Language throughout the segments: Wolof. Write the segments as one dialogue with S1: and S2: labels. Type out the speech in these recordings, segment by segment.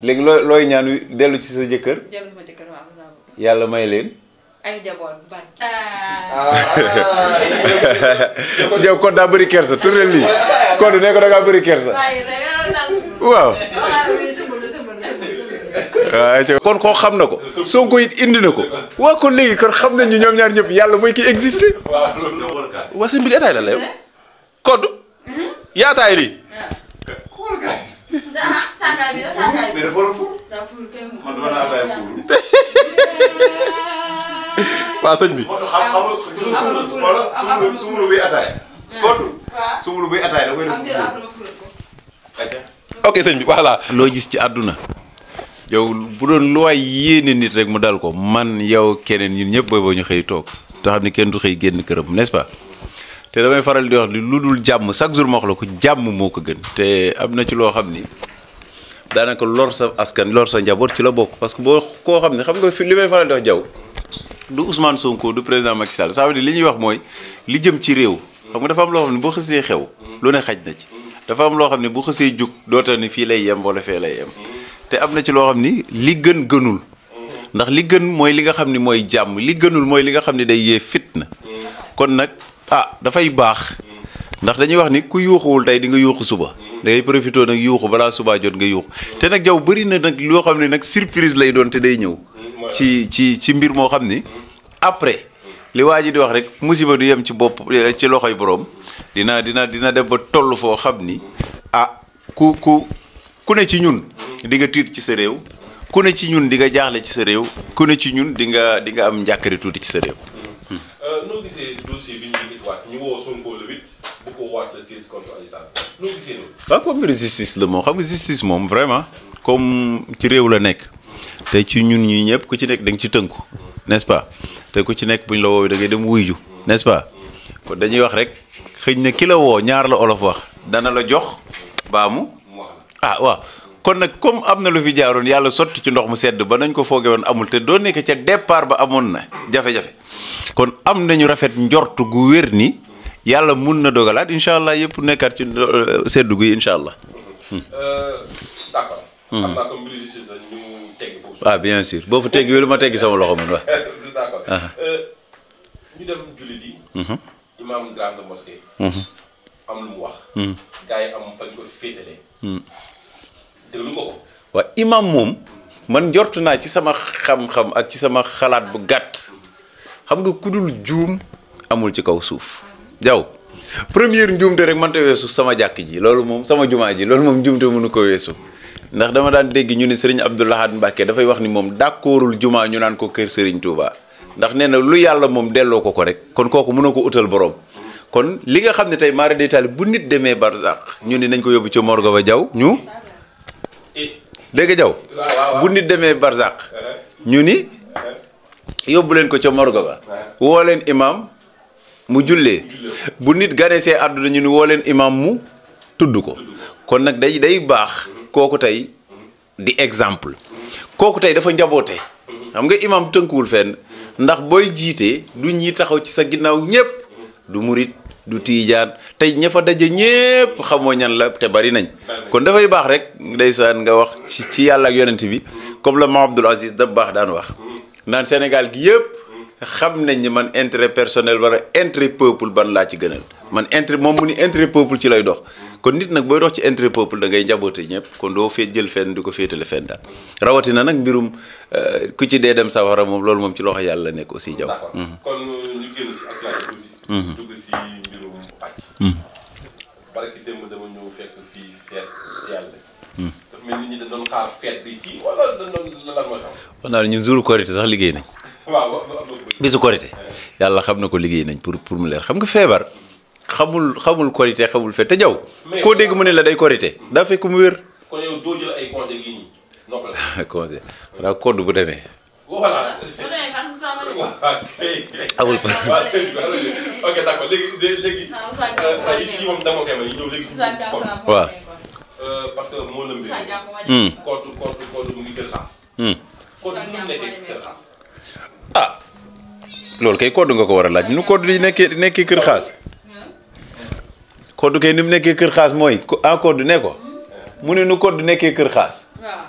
S1: léegi loo looy ñaan dellu ci sa jëkkër. dellu sama jëkkër yàlla may leen.
S2: ay njaboot ban.
S1: Ah. Ah, ah, yow kon daa bëri kersa tourné lii kon ne ko da bëri kersa. waaw. kon koo xam na ko Sonko it indi na ko waa kon léegi kon xam nañu ñoom ñaar ñëpp yàlla mooy ki existé. waaw waa seen mbir état la la yow. code.
S2: Mhm. yaataay lii. tàngaay bi
S1: waa sëñ bi. wala ok sëñ bi voilà. loo gis ci àdduna. yow bu doon lu waay yéene nit rek mu dal ko man yow keneen ñun ñëpp booy ñu xëy toog. te xam ni kenn du xëy génn këram n'est-ce pas. te damay faral di wax lu dul jàmm chaque jour ma wax la ko jàmm moo ko gën te am na ci loo xam ni daanaka lor sa askan lor sa njaboot ci la bokk parce que boo koo xam ne xam nga fi li may faral di wax jaww du Ousmane Sonko du président Macky Sall ça veut li ñuy wax mooy li jëm ci réew xam nga dafa am loo xam ne boo xësee xew lu ne xaj na ci dafa am loo xam ne bu xësee jug doota ni fii lay yem wala fee lay yem te am na ci loo xam ni li gën gënul ndax li gën mooy li nga xam ni mooy jàmm li gënul mooy li nga xam ni day yee fitna kon nag ah dafay baax ndax dañuy wax ni ku yuuxuwul tey di nga yuuxu suba da ngay profité nag yuuxu balaa subaa jot nga yuuxu te nag jaw bëri na nag loo xam ne nag surprise lay doon te day ñëw ci ci ci mbir moo xam ni après li waa ji di wax rek musiba du yem ci bopp ci loxoy boroom dina dina dina def ba toll foo xam ni ah ku ku ku ne ci ñun dinga tiit ci sa réew ku ne ci ñun di nga jaaxle ci sa réew ku ne ci ñun di nga di nga am njàkkare tuuti ci sa réew. Hmm.
S2: Euh, waat ñu woo Sonko le ko waat
S1: justice la moom xam nga justice moom vraiment comme ci réew la nekk te ci ñun ñii ñëpp ku ci nekk da nga ci tënku n'est-ce te ku ci nekk bu buñ la woowee da ngay dem wuy ju ce pas kon dañuy wax rek xëy na ki la woo ñaar la olof wax dana la jox baamu ah waaw. kon nag comme am na lu fi jaaroon yàlla sotti ci ndox mu sedd ba nañ ko fooge woon amul te doo nekk ca départ ba amoon na jafe-jafe kon am na ñu rafet njort gu wér ni yàlla mun na dogalaat incha allah yëpp nekkaat ci euh, sedd gu incha allah. Hmm.
S2: Euh, d'accord. Hmm. am naa
S1: ah, bien sûr boo fa tegg wélu ma tegg sama loxo ah.
S2: euh, hmm. man waaw. déglu
S1: ko imam moom man njort naa ci sama xam-xam ak ci sama xalaat bu gàtt xam nga kudul juum amul ci kaw suuf jaw première njuumte rek mënta weesu sama jàkk ji loolu moom sama jumaa ji loolu moom njuumte mënu ko weesu ndax dama daan dégg ñu ne sëriñ Abdoul Ahad Mbacke dafay wax ni moom d'accordul jumaa ñu naan ko kër sëriñ Touba ndax nee na lu yàlla moom delloo ko ko rek kon kooku mënoo ko utal borom. kon li nga xam ne tey maara détaillé bu nit demee barzaq ñu ne nañ ko yóbbu ci morgo ba jaw ñu. dégg jaw bu nit demee barzak eh? ñu ni yóbbu leen ko ca morgo ba eh? woo leen imaam mu jullee bu nit ganesee àdduna ñu ni woo leen imaam mu tudd ko kon nag day day baax mm-hmm. kooku tey mm-hmm. di exemple kooku tey dafa njaboote mm-hmm. xam nga imaam tënkuwul fenn ndax booy jiitee du ñi taxaw ci sa ginnaaw ñépp du murit du tiijaan tey ña fa daje ñépp xamoo ñan la te bari nañ kon dafay baax rek ndeysaan nga wax ci ci yàlla ak yonent bi comme la ma Abdoul Aziz da baax daan wax naan Sénégal gi yépp xam nañ ni man intérêt personnel wala intérêt peuple ban laa ci gënal man intérêt moom mu ni intérêt peuple ci lay dox kon nit nag booy dox ci intérêt peuple da ngay njaboote ñëpp kon doo fee jël fenn di ko féetale fenn daal rawatina nag mbirum euh, ku ci dee dem sawara moom loolu moom ci loxo yàlla nekk aussi jaw
S2: Hmm. barki démb dama ñëw fekk fii fees yàlla. dafa mel nit
S1: ñi mooy xam. liggéey nañ. waaw bisu yàlla xam na ko liggéey nañ pour pour mu leer xam nga feebar. xamul xamul korité xamul fête te jaw. koo dégg mu ne la day korité. Hmm. daa fekk mu wér.
S2: kon yow doo ay conseils bu demee. waaw kay
S1: amul problème
S2: que moo
S1: ah loolu kay kootu nga ko war a laaj nu kootu yi nekke nekkee kër xaas. kootu kay ni mu nekkee kër xaas mooy en kootu ah, ne ko. Hmm. mu ne nu kootu nekkee kër xaas. waaw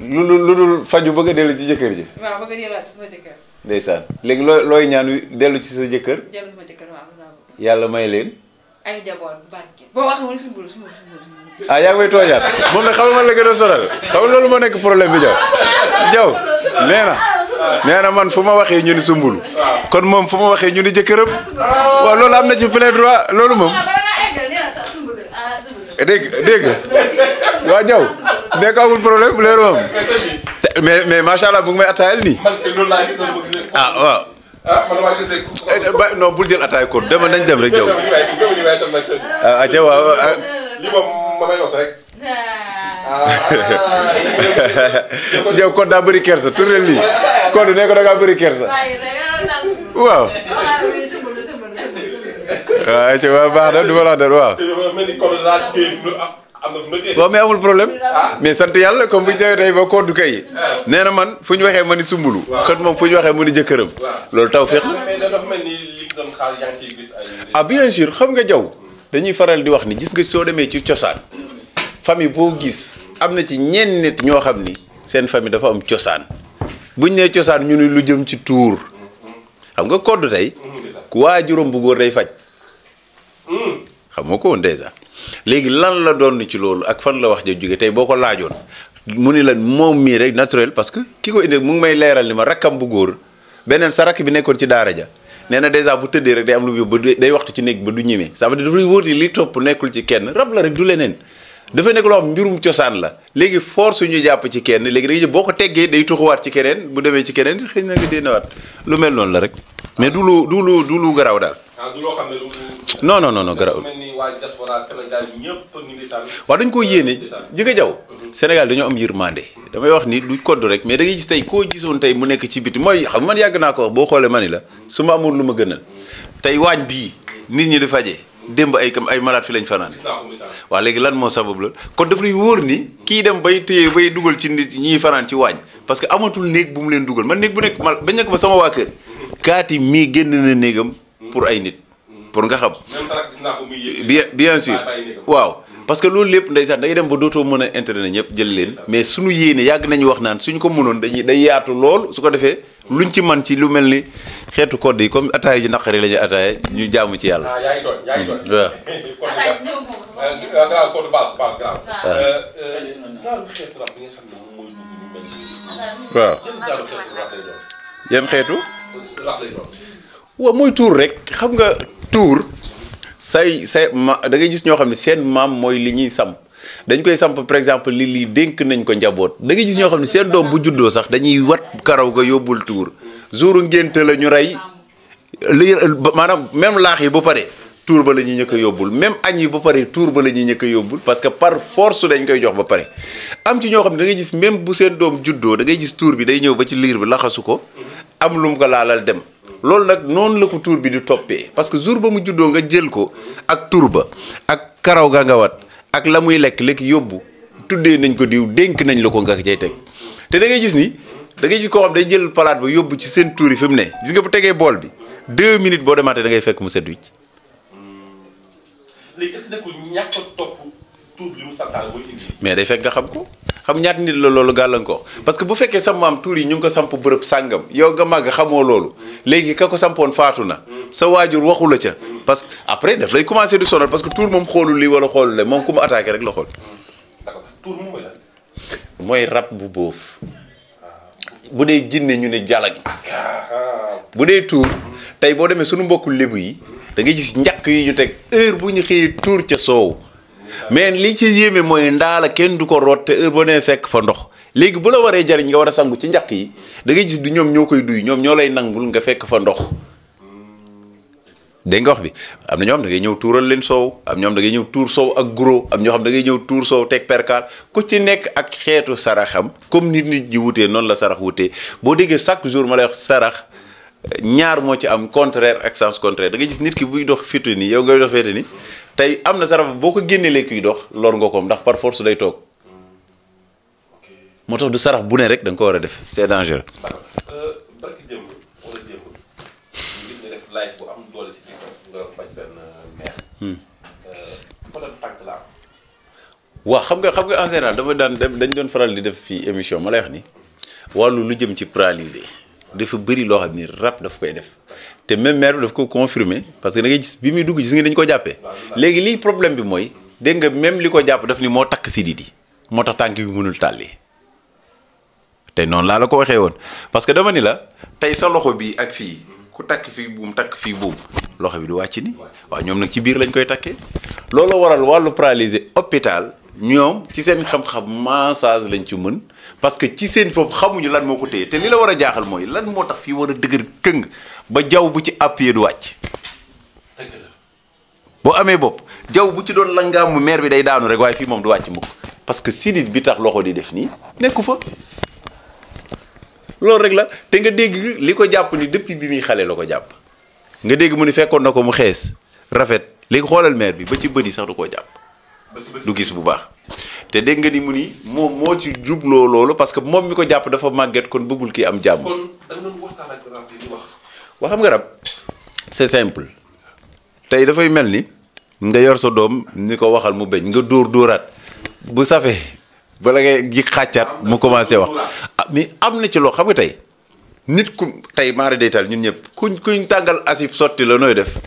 S1: lu lu lu dul faju bëgg a dellu jëkkër ji. ndeysaan léegi loo looy ñaan dellu ci sa jëkkër.
S2: dellu sama jëkkër waaw.
S1: yàlla may leen.
S2: ay njaboot barke boo waxee woon sumbul sumbul
S1: sumbul. ah moom nag xam nga man la gën xam loolu moo nekk problème bi jaw jaw nee na na man fu ma waxee ñu ni sumbul. kon moom fu ma waxee ñu ni jëkkëram. waaw loolu am na ci plein droit loolu moom. dégg dégg waa jaw nekk amul problème leeru moom. mais mais macha allah bu ngi may attaayal nii. ah waaw. ah man maa gis eh, eh, ko dama nañ dem rek. jaw ah, ah. jaw kon daa bëri kersa tourné lii kon ne ko da bëri kersa. waaw. waaw ah, atia waaw baax na du ma la wax
S2: waaw. waaw mais amul problème ah. Ah. mais
S1: sant yàlla comme bu ñu demee day ba koodu kay ah. nee na man fu ñu waxee ma ni sumbulu xët moom fu ñu waxee mu ni jëkkëram loolu taw feex la ah bien sûr xam nga jaw dañuy faral di wax ni gis nga soo demee ci cosaan famille boo gis am na ci ñenn nit ñoo xam ni seen famille dafa am cosaan buñ nee cosaan ñu ni lu jëm ci tuur xam nga koodu tey mm-hmm. ku waajuram bu góor day faj mm. xam nga ko woon déjà léegi lan la doon ci loolu ak fan la wax ja jóge tey boo ko laajoon mu ni lan moom mii rek naturel parce que ki ko indi mu ngi may leeral ni ma rakkam bu góor beneen sa rakk bi nekkoon ci daara ja nee na dèjà bu tëddee rek day am lu yóbbu ba day waxtu ci néeg ba du ñemee ça veut dire wóor ni li topp nekkul ci kenn rab la rek du leneen dafa nekk loo xam mbirum cosaan la léegi force ñu jàpp ci kenn léegi da nga boo ko teggee day tuxuwaat ci keneen bu demee ci keneen xëy na nga waat lu mel noonu la rek mais du lu du lu du lu daal. Ah, non non non garaawul waaw dañ ko yéene ji nga jaw mhm. Sénégal dañoo am yërmande damay wax ni du kodd rek mais da ngay gis tey koo gisoon tey mu nekk ci biti mooy xam man yàgg naa ko boo xoolee ma ni la su ma amoon lu ma gënal tey waañ bii nit ñi di fajee démb ay ay malade fi lañ fanaan waa léegi lan moo sabab la kon daf lay wóor ni kii dem bay téye bay dugal ci nit ñiy fanaan ci waañ parce que amatul néeg bu mu leen dugal man néeg bu nekk mal bañ nekk ba sama waa kër mhm. mii génn na néegam pour ay nit pour nga xam. bien bien sûr waaw. parce que loolu lépp ndeysaan day dem ba dootoo mën a internet ñëpp jël leen mais suñu yéene yàgg nañu wax naan suñ ko mënoon dañuy day yaatu lool su ko defee luñ ci man ci lu mel ni xeetu code yi comme ataaya ju naqari la ñuy ataaya ñu jaamu ci yàlla. ah yaa ngi tooñ yaa ngi yan xeetu. waaw mooy tuur rek xam nga. tuur say say ma da ngay gis ñoo xam ne seen maam mooy li ñuy samp dañ koy samp par exemple li lii dénk nañ ko njaboot da ngay gis ñoo xam ne seen doom bu juddoo sax dañuy wat karaw ga yóbbul tuur jour ngénte la ñu rey li maanaam même laax yi bu pare tuur ba la ñuy ñëkk yóbbul même añ yi ba pare tuur ba la ñuy ñëkk a yóbbul parce par force dañ koy jox ba pare am ci ñoo xam ne da ngay gis même bu seen doom juddoo dangay ngay gis bi day ba ci liir bi laxasu ko am ko laalal dem loolu nag noonu la ko tuur bi di toppee parce que jour ba mu juddoo nga jël ko ak tuur ba ak karaw ga nga wat la muy lekk lekk yóbbu tuddee nañ ko diw dénk nañ la ko nga cay teg te da ngay gis ni da ngay gis koo xam day jël palaat ba yóbbu ci seen tuur yi fi mu ne gis nga bu tegee bool bi deux minutes boo demaatee da ngay fekk mu set wicc
S2: léegi est-ce que nekkul ñàkk
S1: mais day fekk nga xam ko xam ñaata nit la loolu gàllankoor parce que bu fekkee sa maam tuur yi ñu ngi ko samp bërëb sàngam yow nga màgg xamoo loolu léegi ka ko sampoon faatu na sa waajur waxu la ca parce que après daf lay commencé du sonal parce que tuur moom xoolul li wala xoolul la moom ku mu attaqué rek la xool. mooy lan. rab bu boof. bu dee jinne ñu ne jalag ah, ah. bu dee tuur tey boo demee suñu mbokku lébu yi. da ngay gis njàkk yi ñu teg heure bu ñu xëyee tour ca soow mais li ci yéeme mooy ndaala kenn du ko root te heure boo nee fekk fa ndox léegi bu la waree jariñ nga war a sangu ci njàkk yi da ngay gis du ñoom ñoo koy duy ñoom ñoo lay nangul nga fekk fa ndox dégg nga wax bi am na ñoo da ngay ñëw tuural leen soow am ñoo xam da ngay ñëw tuur soow ak guro am ñoo xam da ngay ñëw tuur soow teg perkaal ku ci nekk ak xeetu saraxam comme nit nit wutee noonu la sarax wutee boo déggee chaque jour ma lay wax ñaar moo ci am contraire ak sens contraire da nga gis nit ki buy dox féete nii yow ngay dox féete nii tey am na saraf boo ko génnee lekk kuy dox lor nga ko ndax par force day toog moo tax du sarax bu ne rek da ko war a def c'est dangereux. barki jëmb am doole ci xam nga xam nga en général dama daan dem dañ doon faral di def fii émission ma lay wax ni wàllu lu jëm ci paralysé. dafa bëri loo xam ni rap daf koy def te même maire bi daf ko confirmer parce que da nga gis bi muy dugg gis nga dañu ko jàppee léegi lii problème bi mooy dégg nga même li ko jàpp daf ni moo takk si di moo tax tànk bi mënul tàlli te noonu laa la ko waxee woon parce que dama ni la tey sa loxo bi ak fii ku takk fii buum takk fii buum loxo bi du wàcc ni waaw ñoom nag ci biir lañ koy takkee loolu waral wàllu paralysé hôpital ñoom ci seen xam-xam massage lañ ci mën parce que ci seen foofu xamuñu lan moo ko téye te li la war a jaaxal mooy lan moo tax fi war a dëgër këng ba jaw bu ci appuyé du wàcc. boo amee bopp jaww bu ci doon nga langaamu maire bi day daanu rek waaye fii moom du wàcc mukk parce que sidit bi tax loxo di def nii nekku fa. loolu rek la te nga dégg li ko jàpp ni depuis bi muy xale la ko jàpp nga dégg mu ni fekkoon na ko mu xees rafet léegi xoolal meer bi ba ci bëri sax du koo jàpp. du gis bu baax te dégg nga ni mu ni moom moo ci jubloo loolu parce que moom mi ko jàpp dafa màgget kon bëggul kii am jàmm. waa xam nga rab c'est simple tey dafay mel ni nga yor sa doom ni ko waxal mu beñ nga dóor dóoraat bu safee bala ngay ji xàccaat mu commencé wax ah mais am na ci loo xam nga tey nit ku tey maara deytal ñun ñëpp kuñ kuñ tàngal asib sotti la nooy def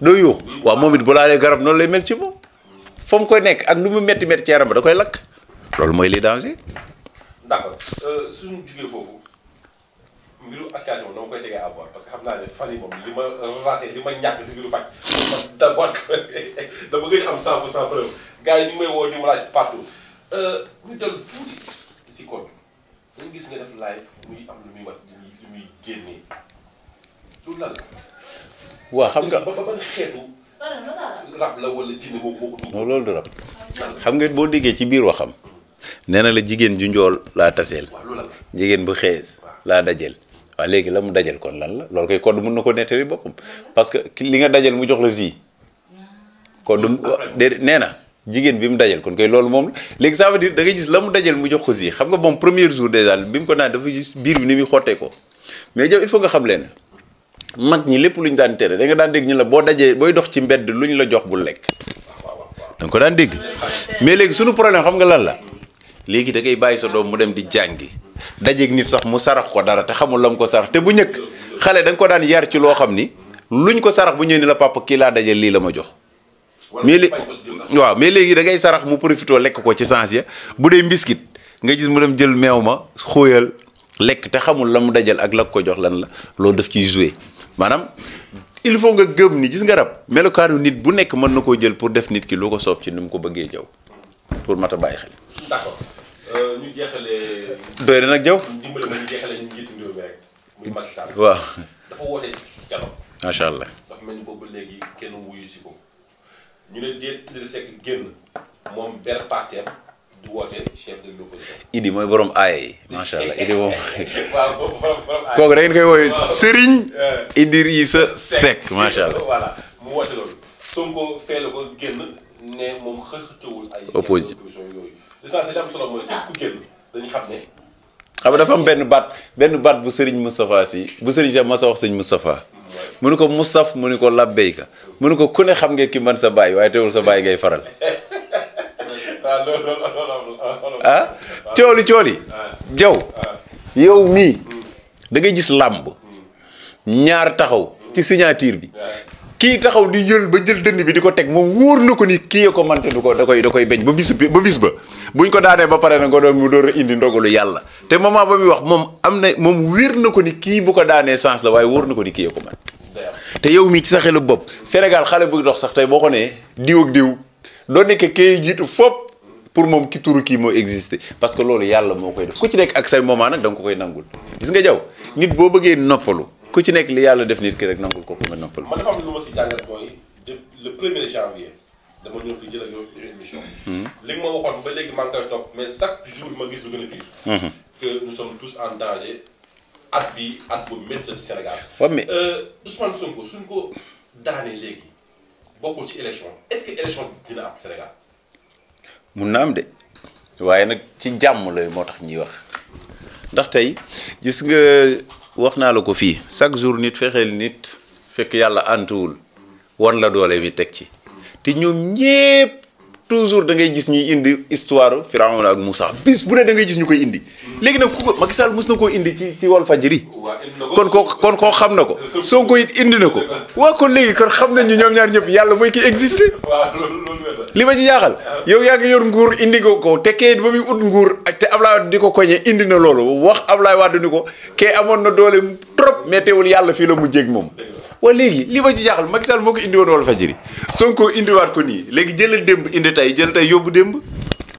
S1: doo yuux waaw moom it bu laalee garab noonu lay mel ci moom. fa mu koy nekk ak lu mu métti métti ci yaram da koy lakk loolu mooy li danger. d'
S2: accord euh, suñu jugee foofu mbiru occasion bi dama koy tegee à parce que xam naa ne fan yi moom li ma raté li ma ñàkk si mbiru faj dama ngay xam 100 pour 100 preuve gars yi ñu may woo ñu ma laaj partout euh, ñu dellu tuuti si kon dañu gis nga def live muy am lu muy wat lu muy génnee la. waaw xam nga ba ban xeetu. rab
S1: la wala loolu du rab xam nga boo déggee ci biir waxam nee na la jigéen ju njool laa taseel jigéen bu xees laa dajel waaw léegi la mu dajal kon lan la loolu koy kodd mun na ko nettali boppam parce que li nga dajal mu jox la si kodd dé nee na jigéen bi mu dajal kon koy loolu moom la léegi ça veut dire da nga la mu dajal mu jox ko si xam nga moom premier jour déjà bi mu ko naan dafa gis biir bi ni muy xottee ko mais yow il faut nga xam leen mag ñi lépp lu ñu daan tere da nga daan dégg ñu la boo dajee booy dox ci mbedd lu ñu la jox bul lekk da nga ko daan dégg mais léegi sunu problème xam nga lan la léegi da ngay bàyyi sa doom mu dem di jàngi dajeeg nit sax mu sarax ko dara te xamul lam ko sarax bu ñëkk xale da ko daan yar ci loo xam ni luñ ko sarax bu ñëwee la papa kii laa dajee lii la ma jox mais léegi waaw mais léegi da ngay sarax mu profité lekk ko ci sens bu dee mbiskit nga gis mu dem jël meew ma xóoyal lekk te xamul la mu dajal ak la ko jox lan la loo def ci joué maanaam il faut nga gëm ni gis nga rab melokaanu nit bu nekk mën na koo jël pour def nit ki lu ko soob ci nu mu ko bëggee jaw pour mat a bàyyi xel.
S2: d'accord euh, ñu jeexalee. na nag jaw. dimbali ma ñu waaw dafa woote dialogue. macha allah dafa mel léegi kenn wuyu si ko ñu ne déet du woote chef
S1: mooy borom aaya yi macha allah Idi moom. waaw borom kooku da ngeen koy woowee Serigne. Eh. Idrissa Seck macha allah.
S2: voilà mu xam ne.
S1: dafa am benn baat benn baat bu Serigne Moustapha si bu Serigne Cheikh Massa wax sëñ Moustapha. mu ne ko Moustapha mu ne ko Labbeyka mu ni ko ku ne xam nga ki man sa baay waaye teewul sa baay ngay faral.
S2: Ah, ah
S1: cooli cooli jaw yow mii da ngay gis làmb ñaar taxaw ci signature bi kii taxaw di jël ba jël dënn bi di ko teg moom wóor na ko ni kii ya ko mante du ko da da koy beñ ba bis ba bis ba buñ ko daanee ba pare na nga doon mu door a indi ndogalu yàlla te moment ba muy wax moom am na moom wér na ko ni kii bu ko daanee sens la waaye wóor na ko ni kii ya ko man te yow mii ci sa xelu bopp Sénégal xale buy dox sax tey boo ko nee diw ak diw doo nekk kii jiitu fop pour moom ki turu kii moo existé parce que loolu yàlla moo koy def ku ci nekk ak say moment nag da ko koy nangul gis nga jaw nit boo bëggee noppalu ku ci nekk li yàlla def nit ki rek nangul ko ko nga noppalu. man dafa
S2: am lu ma si jàngat mooy le premier janvier dama ñëw fi jël ak yow une
S1: émission. Hmm. li nga ma waxoon ba léegi maa ngi koy topp mais chaque jour ma gis lu gën a pire. Hmm. que nous sommes tous en danger at bi at bu métti la si Sénégal. waaw mais
S2: euh, Ousmane Sonko suñ ko daanee léegi bokkul ci élection est dina am
S1: mun na am de waaye nag ci jàmm la moo tax ñuy wax ndax tey gis nga wax naa la ko fii chaque jour nit fexeel nit fekk yàlla antuwul wan la doole bi teg ci te ñoom ñépp toujours da ngay gis ñuy indi histoire Firawna ak Moussa bis bu ne da ngay gis ñu koy indi léegi nag ku ko Macky Sall na koo indi ci ci Walfadjri kon koo kon koo xam na ko Sonko it indi na ko waaw kon léegi kon xam nañu ñoom ñaar ñëpp yàlla mooy ki existé li ma ci jaaxal yow yaa ngi yor nguur indi ko ko te kee ba muy ut nguur ak te Ablaye Wade di ko koñe indi na loolu wax Ablaye Wade ni ko kee amoon na doole trop mais teewul yàlla fii la mu jéeg moom wa léegi li ma ci jaaxal Macky Sall moo ko indi woon Walfadjri Sonko indiwaat ko nii léegi jëlal démb indi tey jël tey yóbbu démb